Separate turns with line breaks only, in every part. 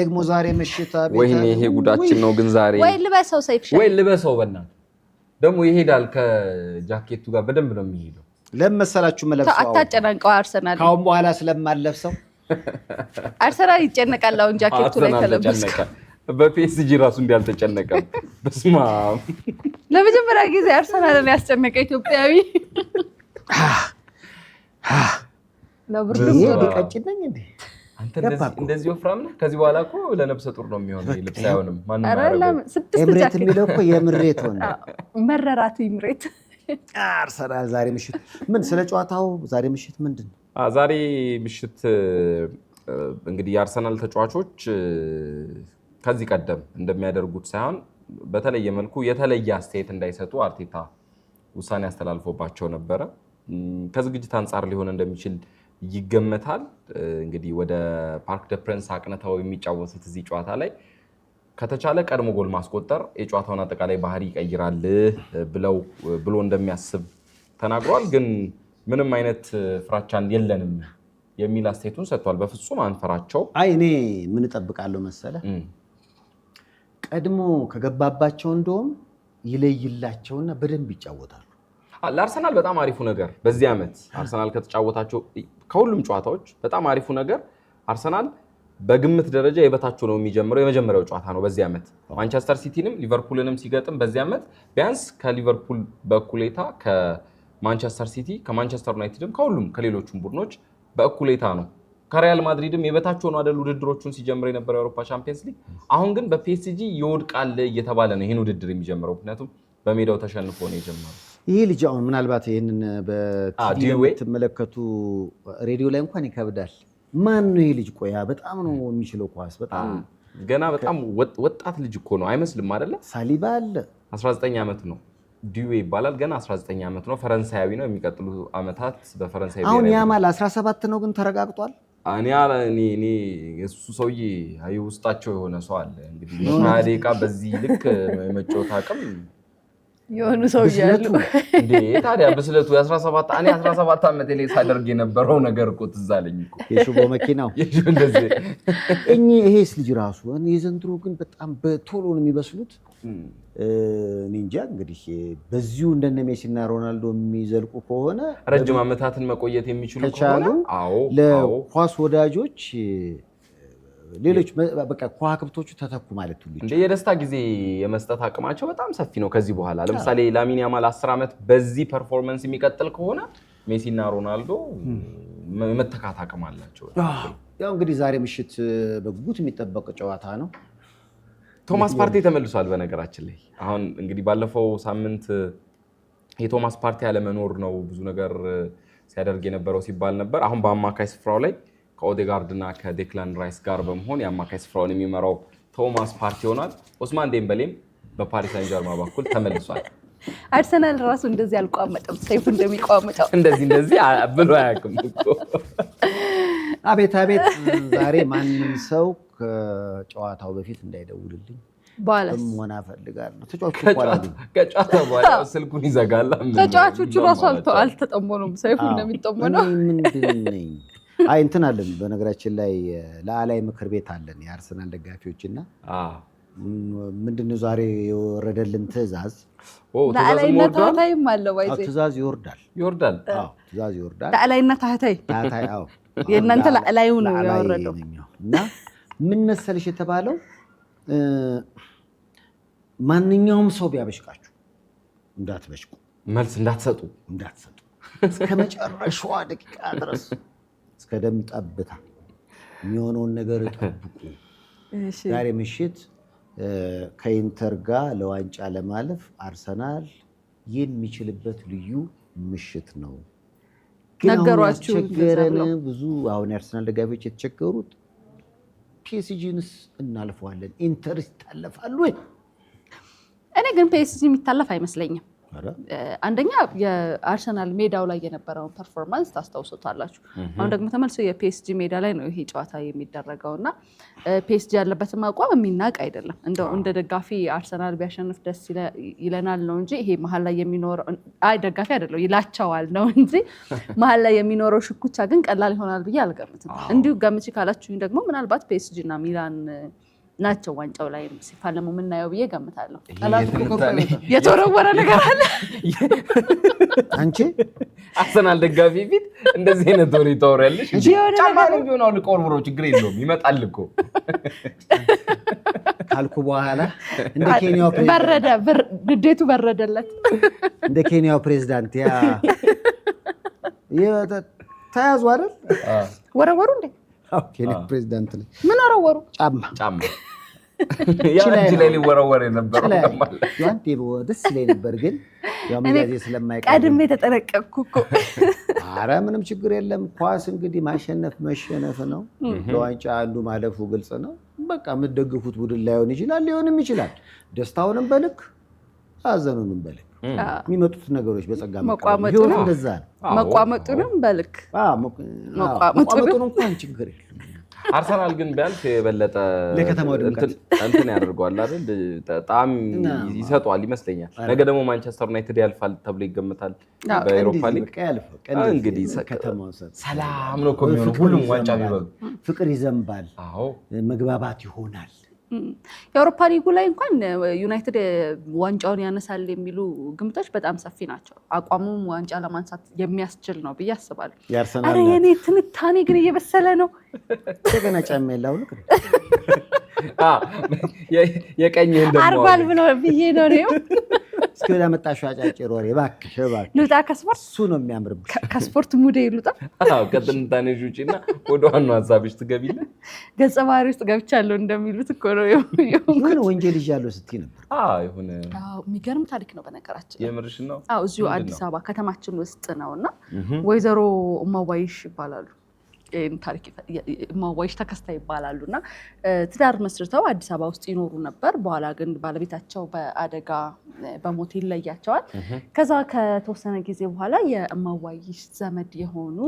ደግሞ ዛሬ ምሽት
ወይኔ ይሄ ጉዳችን ነው። ግን ዛሬ
ወይ ልበሰው ሰይፍሻ፣
ወይ ልበሰው በእናትህ ደግሞ ይሄዳል። ከጃኬቱ ጋር በደንብ ነው የሚሄደው።
ለምን መሰላችሁ መለብሰው?
አታጨናንቀው። አርሰናል
ካሁን በኋላ ስለማለብሰው
አርሰናል ይጨነቃል። አሁን ጃኬቱ
ላይ ተለብስከ በፒኤስጂ ራሱ እንዲህ አልተጨነቀም። በስመ አብ
ለመጀመሪያ ጊዜ አርሰናልን ያስጨነቀ ኢትዮጵያዊ
ነው። ብርዱ ቀጭን ነኝ እንዴ?
አንተ እንደዚህ ወፍራም ነህ። ከዚህ በኋላ እኮ ለነብሰ ጡር ነው የሚሆነው። ልብስ አይሆንም። ማንም
የሚለው እኮ የምሬት ሆነ
መረራት ምሬት።
አርሰናል ዛሬ ምሽት ምን ስለ ጨዋታው ዛሬ ምሽት ምንድን ነው?
ዛሬ ምሽት እንግዲህ የአርሰናል ተጫዋቾች ከዚህ ቀደም እንደሚያደርጉት ሳይሆን በተለየ መልኩ የተለየ አስተያየት እንዳይሰጡ አርቴታ ውሳኔ አስተላልፎባቸው ነበረ። ከዝግጅት አንጻር ሊሆን እንደሚችል ይገመታል። እንግዲህ ወደ ፓርክ ደ ፕረንስ አቅንተው የሚጫወቱት እዚህ ጨዋታ ላይ ከተቻለ ቀድሞ ጎል ማስቆጠር የጨዋታውን አጠቃላይ ባህሪ ይቀይራል ብለው ብሎ እንደሚያስብ ተናግሯል። ግን ምንም አይነት ፍራቻን የለንም የሚል አስተያየቱን ሰጥቷል። በፍጹም አንፈራቸው።
አይ እኔ ምን እጠብቃለሁ መሰለ ቀድሞ ከገባባቸው እንደውም ይለይላቸውና በደንብ ይጫወታሉ።
ለአርሰናል በጣም አሪፉ ነገር በዚህ ዓመት አርሰናል ከተጫወታቸው ከሁሉም ጨዋታዎች በጣም አሪፉ ነገር አርሰናል በግምት ደረጃ የበታቸው ነው የሚጀምረው የመጀመሪያው ጨዋታ ነው በዚህ ዓመት። ማንቸስተር ሲቲንም ሊቨርፑልንም ሲገጥም በዚህ ዓመት ቢያንስ ከሊቨርፑል በእኩሌታ ከማንቸስተር ሲቲ ከማንቸስተር ዩናይትድም ከሁሉም ከሌሎቹም ቡድኖች በእኩሌታ ነው። ከሪያል ማድሪድም የበታቸው ነው አደል ውድድሮቹን ሲጀምር የነበረው የአውሮፓ ቻምፒየንስ ሊግ። አሁን ግን በፒኤስጂ ይወድቃል እየተባለ ነው ይህን ውድድር የሚጀምረው ምክንያቱም በሜዳው ተሸንፎ ነው የጀመረው።
ይህ ልጅ አሁን ምናልባት ይህንን በቲቪ ሬዲዮ ላይ እንኳን ይከብዳል። ማን ነው ይህ ልጅ? ቆያ በጣም ነው የሚችለው ኳስ።
በጣም ገና በጣም ወጣት ልጅ እኮ ነው አይመስልም? አይደለ?
ሳሊባ አለ
19 ዓመት ነው። ዲዌ ይባላል። ገና 19 ዓመት ነው። ፈረንሳያዊ ነው። የሚቀጥሉ ዓመታት በፈረንሳይ
አሁን ያማል 17 ነው ግን ተረጋግጧል።
እኔ እሱ ሰውዬ ውስጣቸው የሆነ ሰው አለ እንግዲህ በዚህ ልክ የመጫወት አቅም
የሆኑ ሰው እያሉ
ታዲያ ብስለቱ እኔ 17 ሰባት ዓመት ላይ ሳደርግ የነበረው ነገር እኮ ትዝ አለኝ
የሽቦ መኪናው እኚ ይሄስ ልጅ ራሱ የዘንድሮ ግን በጣም በቶሎ ነው የሚበስሉት። እኔ እንጃ እንግዲህ በዚሁ እንደነ ሜሲና ሮናልዶ የሚዘልቁ ከሆነ
ረጅም ዓመታትን መቆየት የሚችሉ
ከቻሉ ለኳስ ወዳጆች ሌሎች በቃ ከዋክብቶቹ ተተኩ ማለት ሁሉ እንደ
የደስታ ጊዜ የመስጠት አቅማቸው በጣም ሰፊ ነው። ከዚህ በኋላ ለምሳሌ ላሚን ያማል አስር ዓመት በዚህ ፐርፎርመንስ የሚቀጥል ከሆነ ሜሲና ሮናልዶ መተካት አቅም አላቸው።
ያው እንግዲህ ዛሬ ምሽት በጉጉት የሚጠበቅ ጨዋታ ነው።
ቶማስ ፓርቴ ተመልሷል። በነገራችን ላይ አሁን እንግዲህ ባለፈው ሳምንት የቶማስ ፓርቴ አለመኖር ነው ብዙ ነገር ሲያደርግ የነበረው ሲባል ነበር። አሁን በአማካይ ስፍራው ላይ ከኦዴጋርድ እና ከዴክላን ራይስ ጋር በመሆን የአማካይ ስፍራውን የሚመራው ቶማስ ፓርቲ ሆኗል። ኦስማን ዴምበሌም በፓሪስ ሳን ጀርማ በኩል ተመልሷል።
አርሰናል ራሱ እንደዚህ አልቋመጠም። ሰይፉ እንደሚቋመጠው
እንደዚህ እንደዚህ ብሎ አያውቅም
አቤት አቤት። ዛሬ ማንም ሰው ከጨዋታው በፊት እንዳይደውልልኝ ሆና ፈልጋለሁ።
ከጨዋታ በኋላ ስልኩን ይዘጋል።
ተጫዋቾቹ ራሱ አልተጠመኑም። ሰይፉ እንደሚጠመነው
ምንድን ነኝ አይ እንትን አለን። በነገራችን ላይ ለአላይ ምክር ቤት አለን የአርሰናል ደጋፊዎች እና ምንድነው ዛሬ የወረደልን ትእዛዝ
ላዕላይነት ታህታይም
አለው
ትዕዛዝ ይወርዳል ይወርዳል ትዕዛዝ ይወርዳል።
ላዕላይና ታህታይ የእናንተ ላዕላዩ ነው ያወረደው እና
ምን መሰለሽ የተባለው ማንኛውም ሰው ቢያበሽቃችሁ እንዳትበሽቁ፣
መልስ እንዳትሰጡ
እንዳትሰጡ እስከ መጨረሻዋ ደቂቃ ድረስ እስከ ደም ጠብታ የሚሆነውን ነገር ጠብቁ። ዛሬ ምሽት ከኢንተር ጋር ለዋንጫ ለማለፍ አርሰናል የሚችልበት ልዩ ምሽት ነው። ግን ብዙ አሁን የአርሰናል ደጋፊዎች የተቸገሩት ፒኤስጂንስ እናልፈዋለን፣ ኢንተር ይታለፋሉ።
እኔ ግን ፒኤስጂ የሚታለፍ አይመስለኝም። አንደኛ የአርሰናል ሜዳው ላይ የነበረውን ፐርፎርማንስ ታስታውሶታላችሁ። አሁን ደግሞ ተመልሶ የፒኤስጂ ሜዳ ላይ ነው ይሄ ጨዋታ የሚደረገው እና ፒኤስጂ ያለበትም አቋም የሚናቅ አይደለም። እንደው እንደ ደጋፊ አርሰናል ቢያሸንፍ ደስ ይለናል ነው እንጂ ይሄ መሀል ላይ የሚኖረው አይ ደጋፊ አይደለው ይላቸዋል ነው እንጂ መሀል ላይ የሚኖረው ሽኩቻ ግን ቀላል ይሆናል ብዬ አልገምትም። እንዲሁ ገምቼ ካላችሁኝ ደግሞ ምናልባት ፒኤስጂ እና ሚላን ናቸው ዋንጫው ላይ ሲፋለሙ የምናየው ብዬ ገምታለሁ። የተወረወረ ነገር አለ።
አንቺ
አርሰናል ደጋፊ ፊት እንደዚህ አይነት ወሬ ታወሪያለሽ? ጫማ ቢሆን አሁን ቆርብሮ ችግር የለውም ይመጣል እኮ
ካልኩ በኋላ እንደ ኬንያው
በረደ፣ ግዴቱ በረደለት።
እንደ ኬንያው ፕሬዚዳንት ያ ተያዙ አይደል? ወረወሩ እንዴ ፕሬዚዳንት ላይ
ምን ወረወሩ?
ጫማ ጫማ እጅ ላይ ሊወረወር የነበረው
ደስ ላይ ነበር፣ ግን ያዜ ስለማይቀር
ቀድሜ የተጠነቀቅኩ እኮ።
አረ ምንም ችግር የለም። ኳስ እንግዲህ ማሸነፍ መሸነፍ ነው። ለዋንጫ አንዱ ማለፉ ግልጽ ነው። በቃ የምትደግፉት ቡድን ላይሆን ይችላል፣ ሊሆንም ይችላል። ደስታውንም በልክ አዘኑንም በልክ የሚመጡት ነገሮች በጸጋ
መቋመጥ ነው። መቋመጡንም በልክ
መቋመጡን እንኳን ችግር የለም።
አርሰናል ግን ቢያልፍ የበለጠ ለከተማው እንትን ያደርገዋል አይደል? በጣም ይሰጠዋል ይመስለኛል። ነገ ደግሞ ማንቸስተር ዩናይትድ ያልፋል ተብሎ ይገምታል በኤሮፓ ሊግ እንግዲህ ሰላም ነው እኮ የሚሆነው። ሁሉም ዋንጫ ቢበሉ
ፍቅር ይዘንባል፣ መግባባት ይሆናል።
የአውሮፓ ሊጉ ላይ እንኳን ዩናይትድ ዋንጫውን ያነሳል የሚሉ ግምቶች በጣም ሰፊ ናቸው። አቋሙም ዋንጫ ለማንሳት የሚያስችል ነው ብዬ
አስባለሁ።
የኔ ትንታኔ ግን እየበሰለ ነው።
ገና ጫማ የለ
የቀኝህን
አርጓል ብሎ ብዬ ነው ነው
እስኪ ወደ መጣሽ አጫጭር ወሬ እባክሽ እባክሽ
ልውጣ። ከስፖርት እሱ
ነው የሚያምርብሽ።
ከስፖርት ልውጣ።
ከትንታኔሽ እና ወደ ዋናው ሀሳብሽ ትገቢለ።
ገጸ ባህሪ ውስጥ ገብቻለሁ እንደሚሉት እኮ ነው።
የሆነ ወንጀል ይዣለሁ ስትይ
ነበር።
የሚገርም ታሪክ ነው በነገራችን። የምርሽ ነው? እዚሁ አዲስ አበባ ከተማችን ውስጥ ነው እና ወይዘሮ እማዋይሽ ይባላሉ ታሪክ እማዋይሽ ተከስታ ይባላሉ እና ትዳር መስርተው አዲስ አበባ ውስጥ ይኖሩ ነበር። በኋላ ግን ባለቤታቸው በአደጋ በሞት ይለያቸዋል። ከዛ ከተወሰነ ጊዜ በኋላ የማዋይሽ ዘመድ የሆኑ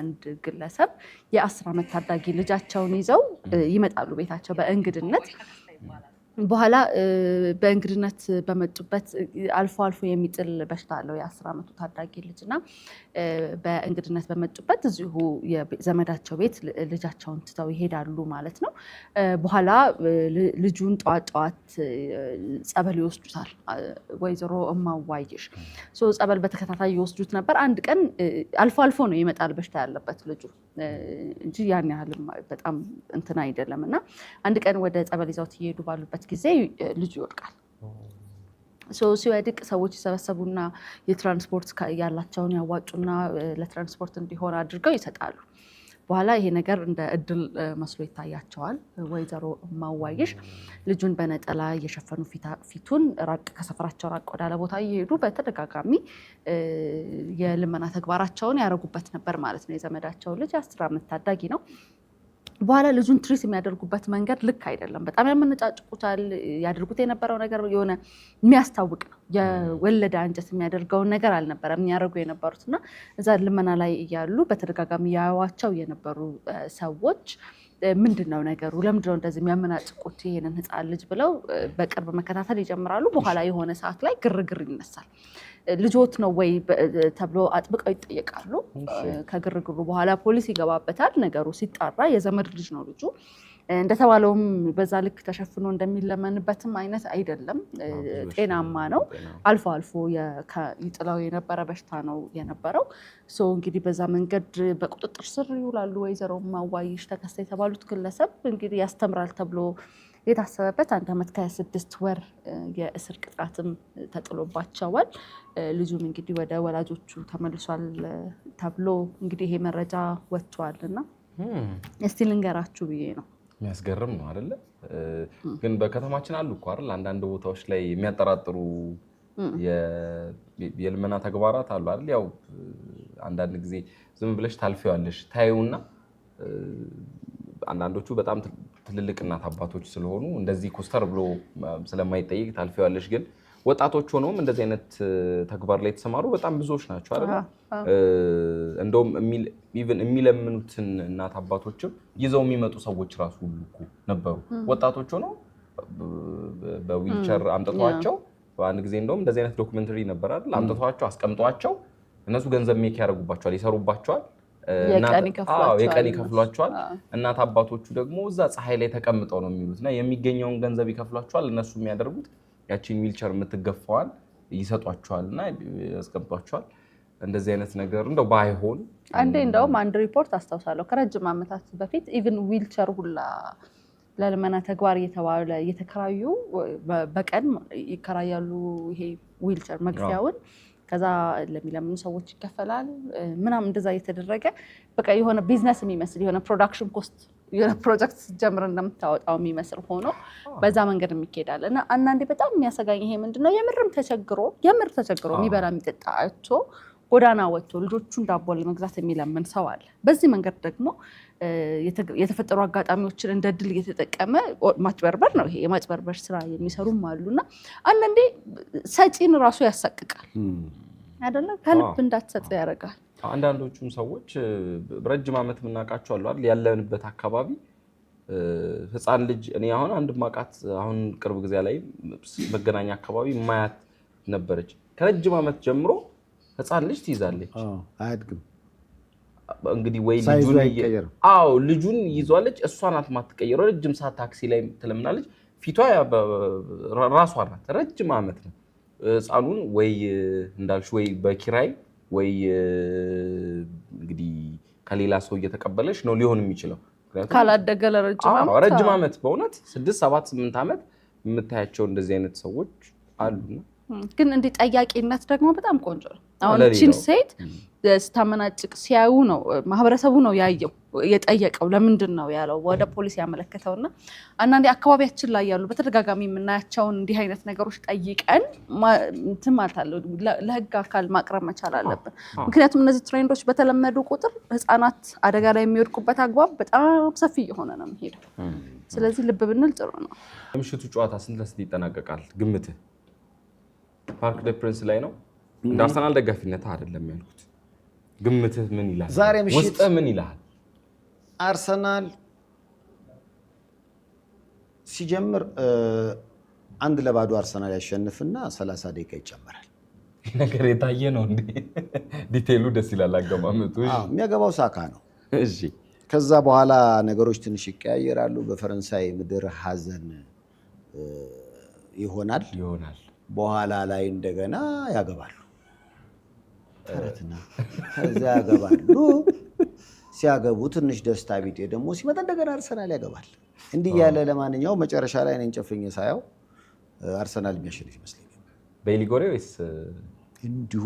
አንድ ግለሰብ የአስር ዓመት ታዳጊ ልጃቸውን ይዘው ይመጣሉ ቤታቸው በእንግድነት በኋላ በእንግድነት በመጡበት አልፎ አልፎ የሚጥል በሽታ አለው የአስር ዓመቱ ታዳጊ ልጅ እና በእንግድነት በመጡበት እዚሁ ዘመዳቸው ቤት ልጃቸውን ትተው ይሄዳሉ ማለት ነው። በኋላ ልጁን ጠዋት ጠዋት ጸበል ይወስዱታል። ወይዘሮ እማዋይሽ ጸበል በተከታታይ ይወስዱት ነበር። አንድ ቀን አልፎ አልፎ ነው ይመጣል በሽታ ያለበት ልጁ እንጂ ያን ያህል በጣም እንትን አይደለም። እና አንድ ቀን ወደ ጸበል ይዘውት እየሄዱ ባሉበት ጊዜ ልጁ ይወድቃል። ሲወድቅ ሰዎች ይሰበሰቡና የትራንስፖርት ያላቸውን ያዋጩና ለትራንስፖርት እንዲሆን አድርገው ይሰጣሉ። በኋላ ይሄ ነገር እንደ እድል መስሎ ይታያቸዋል። ወይዘሮ ማዋይሽ ልጁን በነጠላ እየሸፈኑ ፊቱን ራቅ ከሰፈራቸው ራቅ ወዳለ ቦታ እየሄዱ በተደጋጋሚ የልመና ተግባራቸውን ያደረጉበት ነበር ማለት ነው። የዘመዳቸው ልጅ አስር ዓመት ታዳጊ ነው። በኋላ ልጁን ትሪት የሚያደርጉበት መንገድ ልክ አይደለም። በጣም ያመነጫጭቁታል። ያደርጉት የነበረው ነገር የሆነ የሚያስታውቅ ነው። የወለደ አንጀት የሚያደርገውን ነገር አልነበረም የሚያደርጉ የነበሩት እና እዛ ልመና ላይ እያሉ በተደጋጋሚ ያዩዋቸው የነበሩ ሰዎች ምንድን ነው ነገሩ? ለምንድነው እንደዚህ የሚያመናጭቁት ይሄንን ህፃን ልጅ ብለው በቅርብ መከታተል ይጀምራሉ። በኋላ የሆነ ሰዓት ላይ ግርግር ይነሳል። ልጆት ነው ወይ ተብሎ አጥብቀው ይጠየቃሉ። ከግርግሩ በኋላ ፖሊስ ይገባበታል። ነገሩ ሲጣራ የዘመድ ልጅ ነው ልጁ እንደተባለውም በዛ ልክ ተሸፍኖ እንደሚለመንበትም አይነት አይደለም። ጤናማ ነው። አልፎ አልፎ ይጥለው የነበረ በሽታ ነው የነበረው። እንግዲህ በዛ መንገድ በቁጥጥር ስር ይውላሉ። ወይዘሮ ማዋይሽ ተከስተ የተባሉት ግለሰብ እንግዲህ ያስተምራል ተብሎ የታሰበበት አንድ ዓመት ከስድስት ወር የእስር ቅጣትም ተጥሎባቸዋል። ልጁም እንግዲህ ወደ ወላጆቹ ተመልሷል ተብሎ እንግዲህ ይሄ መረጃ ወጥቷል እና እስቲ ልንገራችሁ ብዬ ነው።
የሚያስገርም ነው አይደለ? ግን በከተማችን አሉ እኮ አይደል? አንዳንድ ቦታዎች ላይ የሚያጠራጥሩ የልመና ተግባራት አሉ አይደል? ያው አንዳንድ ጊዜ ዝም ብለሽ ታልፊዋለሽ ታዩና አንዳንዶቹ በጣም ትልልቅ እናት አባቶች ስለሆኑ እንደዚህ ኮስተር ብሎ ስለማይጠይቅ ታልፊዋለሽ። ግን ወጣቶች ሆነውም እንደዚህ አይነት ተግባር ላይ የተሰማሩ በጣም ብዙዎች ናቸው አይደል? እንደውም የሚለምኑትን እናት አባቶችም ይዘው የሚመጡ ሰዎች ራሱ ሁሉ እኮ ነበሩ። ወጣቶች ሆነው በዊልቸር አምጥተዋቸው በአንድ ጊዜ እንደውም እንደዚህ አይነት ዶክመንተሪ ነበር አይደል? አምጥተዋቸው አስቀምጠዋቸው እነሱ ገንዘብ ሜክ ያደርጉባቸዋል፣ ይሰሩባቸዋል የቀን ይከፍሏቸዋል። እናት አባቶቹ ደግሞ እዛ ፀሐይ ላይ ተቀምጠው ነው የሚሉት እና የሚገኘውን ገንዘብ ይከፍሏቸዋል። እነሱ የሚያደርጉት ያችን ዊልቸር የምትገፋዋል ይሰጧቸዋል እና ያስገባቸዋል። እንደዚህ አይነት ነገር እንደው ባይሆን
አንዴ እንደውም አንድ ሪፖርት አስታውሳለሁ ከረጅም ዓመታት በፊት ኢቭን ዊልቸር ሁላ ለልመና ተግባር እየተባለ እየተከራዩ በቀን ይከራያሉ ይሄ ዊልቸር መግፊያውን ከዛ ለሚለምኑ ሰዎች ይከፈላል ምናምን እንደዛ እየተደረገ በቃ የሆነ ቢዝነስ የሚመስል የሆነ ፕሮዳክሽን ኮስት የሆነ ፕሮጀክት ጀምር እንደምታወጣው የሚመስል ሆኖ በዛ መንገድ የሚካሄዳል እና አንዳንዴ በጣም የሚያሰጋኝ ይሄ ምንድነው የምርም ተቸግሮ የምር ተቸግሮ የሚበላ የሚጠጣ አቶ ጎዳና ወጥቶ ልጆቹን ዳቦ ለመግዛት የሚለምን ሰው አለ። በዚህ መንገድ ደግሞ የተፈጠሩ አጋጣሚዎችን እንደ ድል እየተጠቀመ ማጭበርበር ነው ይሄ የማጭበርበር ስራ የሚሰሩም አሉና አንዳንዴ ሰጪን ራሱ ያሳቅቃል አይደለ? ከልብ እንዳትሰጥ ያደርጋል።
አንዳንዶቹም ሰዎች ረጅም ዓመት የምናውቃቸው አሉ አይደል? ያለንበት አካባቢ ህፃን ልጅ እኔ አሁን አንድ ማቃት አሁን ቅርብ ጊዜ ላይ መገናኛ አካባቢ ማያት ነበረች ከረጅም ዓመት ጀምሮ ህፃን ልጅ ትይዛለች፣ አያድግም። እንግዲህ ወይ አዎ ልጁን ይዟለች፣ እሷ ናት ማትቀየረው። ረጅም ሰዓት ታክሲ ላይ ትለምናለች። ፊቷ ራሷ ናት። ረጅም ዓመት ነው ህፃኑን ወይ እንዳልሽ ወይ በኪራይ ወይ እንግዲህ ከሌላ ሰው እየተቀበለች ነው ሊሆን የሚችለው ካላደገ ለረጅም ዓመት በእውነት ስድስት ሰባት ስምንት ዓመት የምታያቸው እንደዚህ አይነት ሰዎች አሉና
ግን እንዲህ ጠያቂነት ደግሞ በጣም ቆንጆ ነው። አሁን ቺን ሴት ስታመናጭቅ ሲያዩ ነው ማህበረሰቡ ነው ያየው የጠየቀው ለምንድን ነው ያለው ወደ ፖሊስ ያመለከተው እና አንዳንዴ አካባቢያችን ላይ ያሉ በተደጋጋሚ የምናያቸውን እንዲህ አይነት ነገሮች ጠይቀን እንትን ማለት አለ ለህግ አካል ማቅረብ መቻል አለብን። ምክንያቱም እነዚህ ትሬንዶች በተለመዱ ቁጥር ህፃናት አደጋ ላይ የሚወድቁበት አግባብ በጣም ሰፊ እየሆነ ነው የሚሄደው። ስለዚህ ልብ ብንል ጥሩ ነው።
የምሽቱ ጨዋታ ስንት ለስንት ይጠናቀቃል ግምትህ? ፓርክ ደ ፕሪንስ ላይ ነው። እንደ አርሰናል ደጋፊነት አይደለም ያልኩት። ግምትህ ምን ይላል? ዛሬ ምሽት ውስጥ ምን ይላል?
አርሰናል ሲጀምር አንድ ለባዶ አርሰናል ያሸንፍና 30 ደቂቃ ይጨመራል።
ነገር የታየ ነው እንዴ? ዲቴሉ ደስ ይላል። አገማመጡ
የሚያገባው ሳካ ነው። እሺ ከዛ በኋላ ነገሮች ትንሽ ይቀያየራሉ። በፈረንሳይ ምድር ሀዘን ይሆናል ይሆናል በኋላ ላይ እንደገና ያገባሉ። ከዚያ ያገባሉ። ሲያገቡ ትንሽ ደስታ ቢጤ ደግሞ ሲመጣ እንደገና አርሰናል ያገባል። እንዲህ ያለ ለማንኛው መጨረሻ ላይ እኔን ጨፍኝ ሳየው አርሰናል የሚያሸንፍ ይመስለኛል።
በኢሊጎሬ ወይስ እንዲሁ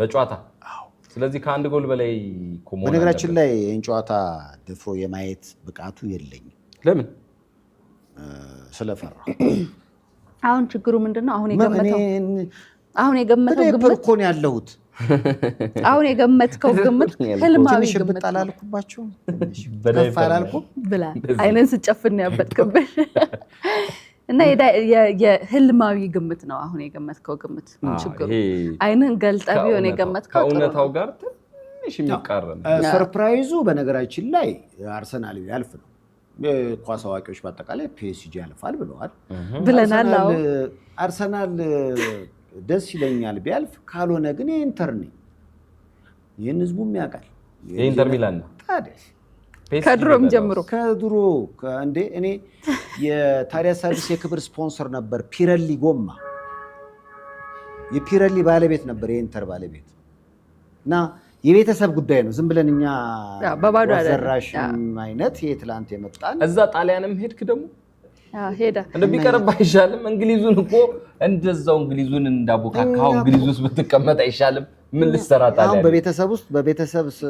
በጨዋታ? ስለዚህ ከአንድ ጎል በላይ
በነገራችን ላይ ይህን ጨዋታ ደፍሮ የማየት ብቃቱ የለኝም። ለምን? ስለፈራ
አሁን ችግሩ ምንድን ነው? አሁን የገመተው አሁን የገመተው
ግምት እኮ ነው ያለሁት።
አሁን የገመትከው ግምት
ህልማዊ ግምት አላልኩባችሁ? ከፍ አላልኩም
ብላ አይነን ስጨፍን ነው ያበጥክብሽ እና የህልማዊ ግምት ነው አሁን የገመትከው ግምት። ችግሩ አይንህን ገልጠህ ቢሆን የገመትከው
ከእውነታው ጋር ትንሽ የሚቃረን
ሰርፕራይዙ። በነገራችን ላይ አርሰናል ያልፍ ነው የኳስ አዋቂዎች በአጠቃላይ ፒኤስጂ ያልፋል ብለዋል ብለናል። አርሰናል ደስ ይለኛል ቢያልፍ፣ ካልሆነ ግን የኢንተር ነኝ። ይህን ህዝቡም ያውቃል።
የኢንተር ሚላን
ከድሮም ጀምሮ
ከድሮ እንዴ እኔ የታዲያ ሰርቪስ የክብር ስፖንሰር ነበር። ፒረሊ ጎማ የፒረሊ ባለቤት ነበር የኢንተር ባለቤት እና የቤተሰብ ጉዳይ ነው። ዝም ብለን እኛ በባዶ ዘራሽም አይነት የትላንት የመጣን
እዛ ጣሊያንም ሄድክ ደግሞ ሄዳ እንደሚቀርብ አይሻልም? እንግሊዙን እኮ እንደዛው እንግሊዙን እንዳቦካካው እንግሊዝ ውስጥ ብትቀመጥ አይሻልም? ምን ልትሰራ ጣሊያን
በቤተሰብ ውስጥ በቤተሰብ